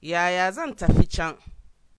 呀呀，咱咋费钱？